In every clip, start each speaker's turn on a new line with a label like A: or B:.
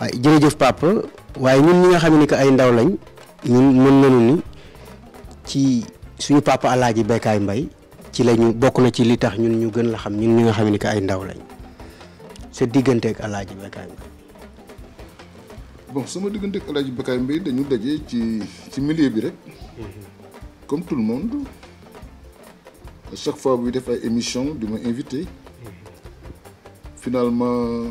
A: waaye jeuf papa waaye ñun ñi nga xamni ne que ay ndaw lañ ñun mën nañu ni ci suñu papa alaaji bekay mbay ci lañu bokku na ci li tax ñun ñu gën la xam ñun ñi nga xamni ne ay ndaw lañ sa digënté ak alaaji bekay mbay
B: bon sama digënté ak alaaji bekay mbay dañu dajé ci ci milieu bi rek
C: mm-hmm.
B: comme tout le monde à chaque fois bu def ay émission di ma invité mm-hmm. finalement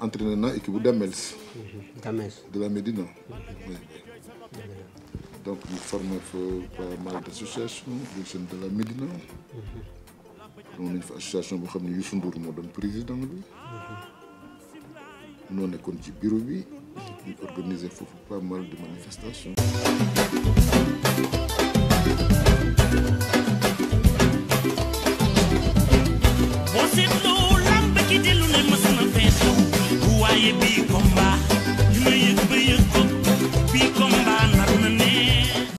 B: entraîné dans équipe Damels. Mhm. Damels de la Médina. Mhm. oui donc nous formons pas mal d'associations, des de la Médina. Mhm. Nous avons une association qui est ne Youssou Ndour président. Nous, président Nous noo nekkoon ci bureau Nous ñu organiser pas mal de manifestations. Be.